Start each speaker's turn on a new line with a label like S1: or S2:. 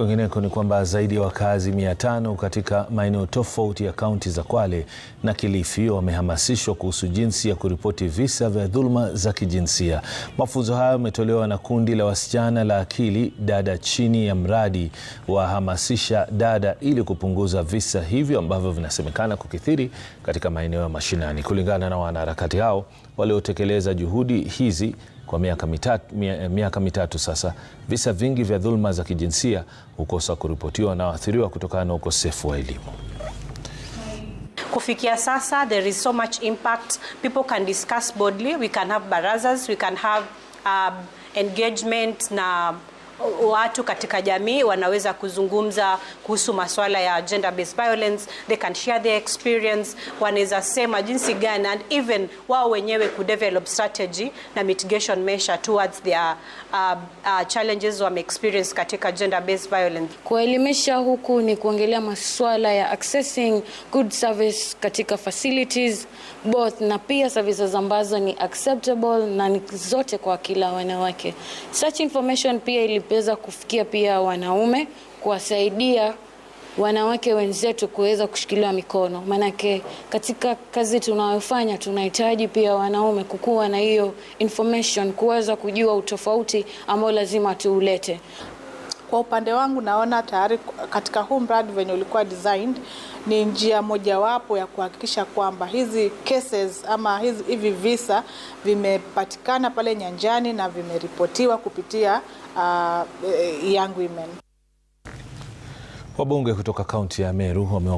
S1: Kwingineko ni kwamba zaidi ya wakazi mia tano katika maeneo tofauti ya kaunti za Kwale na Kilifi wamehamasishwa kuhusu jinsi ya kuripoti visa vya dhuluma za kijinsia. Mafunzo hayo yametolewa na kundi la wasichana la Akili Dada chini ya mradi wa Hamasisha Dada ili kupunguza visa hivyo ambavyo vinasemekana kukithiri katika maeneo ya mashinani. Kulingana na wanaharakati hao waliotekeleza juhudi hizi kwa miaka mitatu, eh, miaka mitatu sasa. Visa vingi vya dhuluma za kijinsia hukosa kuripotiwa na waathiriwa kutokana na ukosefu wa elimu.
S2: Kufikia sasa there is so much impact people can discuss boldly we can have barazas we can have um, engagement na watu katika jamii wanaweza kuzungumza kuhusu masuala ya gender based violence, they can share their experience, wanaweza sema jinsi gani and even wao wenyewe ku develop strategy na mitigation measure towards their uh, uh, challenges wame experience katika gender based violence.
S3: Kuelimisha huku ni kuongelea masuala ya accessing good service katika facilities both na pia services ambazo ni acceptable na ni zote kwa kila wanawake. Such information pia ili kuweza kufikia pia wanaume, kuwasaidia wanawake wenzetu kuweza kushikilia mikono, maanake katika kazi tunayofanya tunahitaji pia wanaume kukuwa na hiyo information, kuweza kujua utofauti ambao lazima tuulete.
S4: Kwa upande wangu naona tayari katika huu mradi venye ulikuwa designed ni njia mojawapo ya kuhakikisha kwamba hizi cases ama hizi, hivi visa vimepatikana pale nyanjani na vimeripotiwa kupitia uh, Young Women. Wabunge kutoka kaunti ya Meru wame